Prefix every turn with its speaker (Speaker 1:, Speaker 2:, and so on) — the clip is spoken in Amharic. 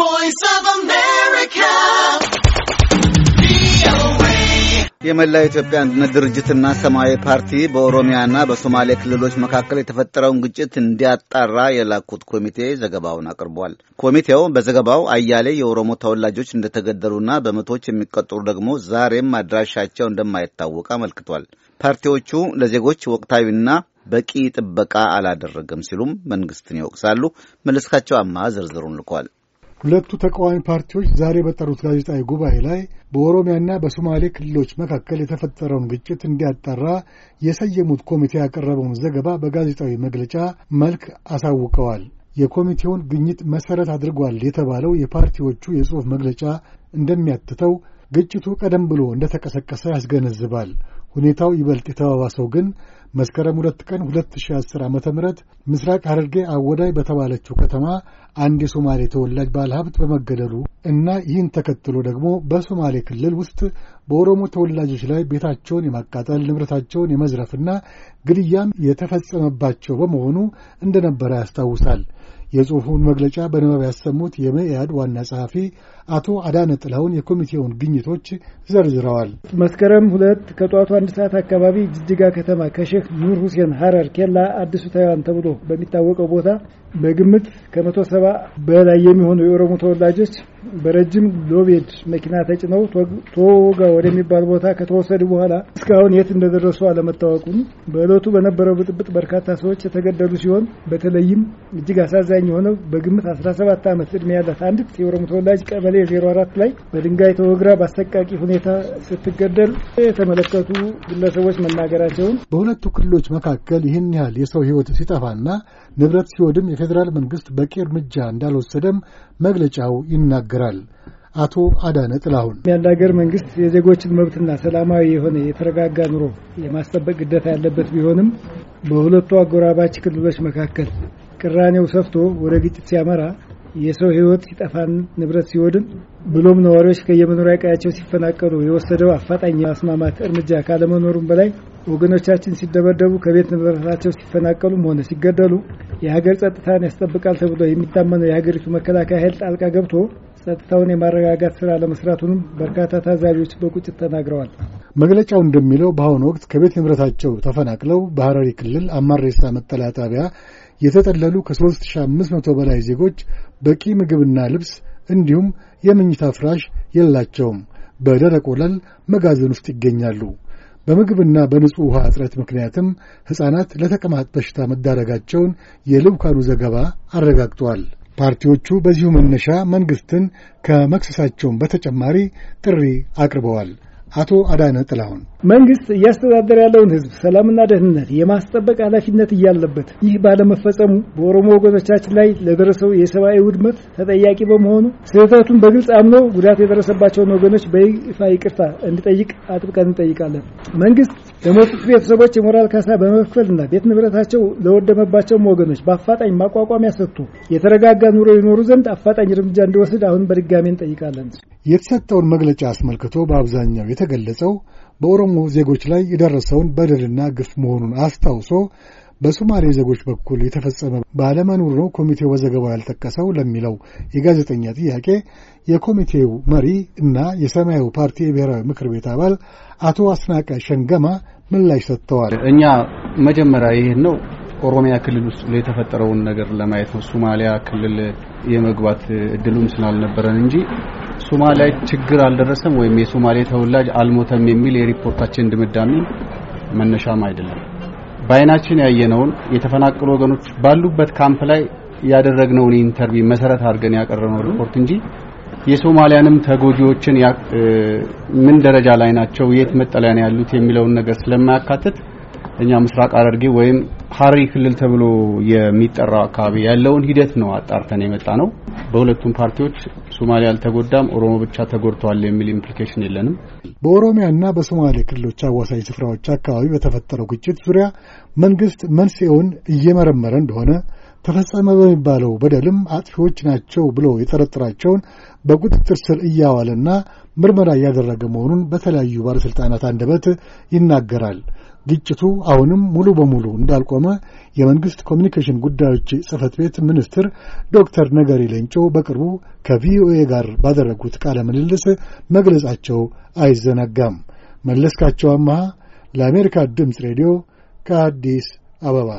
Speaker 1: voice of America.
Speaker 2: የመላው ኢትዮጵያ አንድነት ድርጅትና ሰማያዊ ፓርቲ በኦሮሚያና በሶማሌ ክልሎች መካከል የተፈጠረውን ግጭት እንዲያጣራ የላኩት ኮሚቴ ዘገባውን አቅርቧል። ኮሚቴው በዘገባው አያሌ የኦሮሞ ተወላጆች እንደተገደሉና በመቶዎች የሚቆጠሩ ደግሞ ዛሬም አድራሻቸው እንደማይታወቅ አመልክቷል። ፓርቲዎቹ ለዜጎች ወቅታዊና በቂ ጥበቃ አላደረገም ሲሉም መንግስትን ይወቅሳሉ። መለስካቸው አማ ዝርዝሩን ልኳል።
Speaker 3: ሁለቱ ተቃዋሚ ፓርቲዎች ዛሬ በጠሩት ጋዜጣዊ ጉባኤ ላይ በኦሮሚያና በሶማሌ ክልሎች መካከል የተፈጠረውን ግጭት እንዲያጠራ የሰየሙት ኮሚቴ ያቀረበውን ዘገባ በጋዜጣዊ መግለጫ መልክ አሳውቀዋል። የኮሚቴውን ግኝት መሠረት አድርጓል የተባለው የፓርቲዎቹ የጽሑፍ መግለጫ እንደሚያትተው ግጭቱ ቀደም ብሎ እንደተቀሰቀሰ ያስገነዝባል። ሁኔታው ይበልጥ የተባባሰው ግን መስከረም ሁለት ቀን 2010 ዓ ም ምስራቅ ሐረርጌ አወዳይ በተባለችው ከተማ አንድ የሶማሌ ተወላጅ ባለሀብት በመገደሉ እና ይህን ተከትሎ ደግሞ በሶማሌ ክልል ውስጥ በኦሮሞ ተወላጆች ላይ ቤታቸውን የማቃጠል ንብረታቸውን የመዝረፍና ግድያም የተፈጸመባቸው በመሆኑ እንደነበረ ያስታውሳል። የጽሑፉን መግለጫ በንባብ ያሰሙት የመኢአድ ዋና ጸሐፊ አቶ አዳነ ጥላሁን የኮሚቴውን ግኝቶች ዘርዝረዋል።
Speaker 1: መስከረም ሁለት ከጠዋቱ አንድ ሰዓት አካባቢ ጅጅጋ ከተማ ከሼህ ታሪክ ኑር ሁሴን ሀረር ኬላ አዲሱ ታይዋን ተብሎ በሚታወቀው ቦታ በግምት ከመቶ ሰባ በላይ የሚሆኑ የኦሮሞ ተወላጆች በረጅም ሎቤድ መኪና ተጭነው ቶጋ ወደሚባል ቦታ ከተወሰዱ በኋላ እስካሁን የት እንደደረሱ አለመታወቁም። በእለቱ በነበረው ብጥብጥ በርካታ ሰዎች የተገደሉ ሲሆን በተለይም እጅግ አሳዛኝ የሆነው በግምት 17 ዓመት ዕድሜ ያላት አንዲት የኦሮሞ ተወላጅ ቀበሌ 04 ላይ በድንጋይ ተወግራ በአሰቃቂ ሁኔታ ስትገደል
Speaker 3: የተመለከቱ ግለሰቦች መናገራቸውን በሁለቱ ክልሎች መካከል ይህን ያህል የሰው ህይወት ሲጠፋና ንብረት ሲወድም የፌዴራል መንግስት በቂ እርምጃ እንዳልወሰደም መግለጫው ይናገራል። ይናገራል። አቶ አዳነ ጥላሁን ያለ ሀገር መንግስት የዜጎችን መብትና
Speaker 1: ሰላማዊ የሆነ የተረጋጋ ኑሮ የማስጠበቅ ግዴታ ያለበት ቢሆንም በሁለቱ አጎራባች ክልሎች መካከል ቅራኔው ሰፍቶ ወደ ግጭት ሲያመራ የሰው ሕይወት ሲጠፋን ንብረት ሲወድም ብሎም ነዋሪዎች ከየመኖሪያ ቀያቸው ሲፈናቀሉ የወሰደው አፋጣኝ የማስማማት እርምጃ ካለመኖሩም በላይ ወገኖቻችን ሲደበደቡ ከቤት ንብረታቸው ሲፈናቀሉም ሆነ ሲገደሉ የሀገር ጸጥታን ያስጠብቃል ተብሎ የሚታመነው የሀገሪቱ መከላከያ ኃይል ጣልቃ ገብቶ ጸጥታውን የማረጋጋት ስራ ለመስራቱንም በርካታ ታዛቢዎች በቁጭት ተናግረዋል።
Speaker 3: መግለጫው እንደሚለው በአሁኑ ወቅት ከቤት ንብረታቸው ተፈናቅለው በሐረሪ ክልል አማሬሳ መጠለያ ጣቢያ የተጠለሉ ከ3500 በላይ ዜጎች በቂ ምግብና ልብስ እንዲሁም የመኝታ ፍራሽ የላቸውም። በደረቅ ወለል መጋዘን ውስጥ ይገኛሉ። በምግብና በንጹሕ ውሃ እጥረት ምክንያትም ሕፃናት ለተቅማጥ በሽታ መዳረጋቸውን የልውካኑ ዘገባ አረጋግጧል። ፓርቲዎቹ በዚሁ መነሻ መንግሥትን ከመክሰሳቸውን በተጨማሪ ጥሪ አቅርበዋል። አቶ አዳነ ጥላሁን መንግስት እያስተዳደረ ያለውን ህዝብ ሰላምና ደህንነት የማስጠበቅ ኃላፊነት እያለበት
Speaker 1: ይህ ባለመፈጸሙ በኦሮሞ ወገኖቻችን ላይ ለደረሰው የሰብአዊ ውድመት ተጠያቂ በመሆኑ ስህተቱን በግልጽ አምኖ ጉዳት የደረሰባቸውን ወገኖች በይፋ ይቅርታ እንዲጠይቅ አጥብቀን እንጠይቃለን። መንግስት ለሞቱት ቤተሰቦች የሞራል ካሳ በመክፈልና ቤት ንብረታቸው ለወደመባቸውም ወገኖች በአፋጣኝ ማቋቋሚያ ሰጥቶ የተረጋጋ ኑሮ ይኖሩ ዘንድ አፋጣኝ እርምጃ
Speaker 3: እንዲወስድ አሁን በድጋሚ እንጠይቃለን። የተሰጠውን መግለጫ አስመልክቶ በአብዛኛው የተገለጸው በኦሮሞ ዜጎች ላይ የደረሰውን በደልና ግፍ መሆኑን አስታውሶ በሶማሌ ዜጎች በኩል የተፈጸመ ባለመኖር ነው ኮሚቴው በዘገባው ያልጠቀሰው ለሚለው የጋዜጠኛ ጥያቄ የኮሚቴው መሪ እና የሰማያዊ ፓርቲ የብሔራዊ ምክር ቤት አባል አቶ አስናቀ ሸንገማ ምላሽ ሰጥተዋል።
Speaker 4: እኛ መጀመሪያ ይህን ነው ኦሮሚያ ክልል ውስጥ የተፈጠረውን ነገር ለማየት ነው። ሶማሊያ ክልል የመግባት እድሉም ስላልነበረን እንጂ ሶማሊያ ችግር አልደረሰም ወይም የሶማሌ ተወላጅ አልሞተም የሚል የሪፖርታችን ድምዳሜ መነሻም አይደለም። በአይናችን ያየነውን የተፈናቀሉ ወገኖች ባሉበት ካምፕ ላይ ያደረግነውን ኢንተርቪው መሰረት አድርገን ያቀረብነው ሪፖርት እንጂ የሶማሊያንም ተጎጂዎችን ምን ደረጃ ላይ ናቸው፣ የት መጠለያ ነው ያሉት የሚለውን ነገር ስለማያካትት እኛ ምስራቅ ሐረርጌ ወይም ሐረሪ ክልል ተብሎ የሚጠራው አካባቢ ያለውን ሂደት ነው አጣርተን የመጣ ነው። በሁለቱም ፓርቲዎች ሶማሊያ አልተጎዳም፣ ኦሮሞ ብቻ ተጎድተዋል የሚል ኢምፕሊኬሽን የለንም። በኦሮሚያና
Speaker 3: በሶማሌ ክልሎች አዋሳኝ ስፍራዎች አካባቢ በተፈጠረው ግጭት ዙሪያ መንግስት መንስኤውን እየመረመረ እንደሆነ ተፈጸመ በሚባለው በደልም አጥፊዎች ናቸው ብሎ የጠረጠራቸውን በቁጥጥር ስር እያዋለና ምርመራ እያደረገ መሆኑን በተለያዩ ባለሥልጣናት አንደበት ይናገራል። ግጭቱ አሁንም ሙሉ በሙሉ እንዳልቆመ የመንግሥት ኮሚኒኬሽን ጉዳዮች ጽሕፈት ቤት ሚኒስትር ዶክተር ነገሪ ሌንጮ በቅርቡ ከቪኦኤ ጋር ባደረጉት ቃለ ምልልስ መግለጻቸው አይዘነጋም። መለስካቸው አመሃ ለአሜሪካ ድምፅ ሬዲዮ ከአዲስ አበባ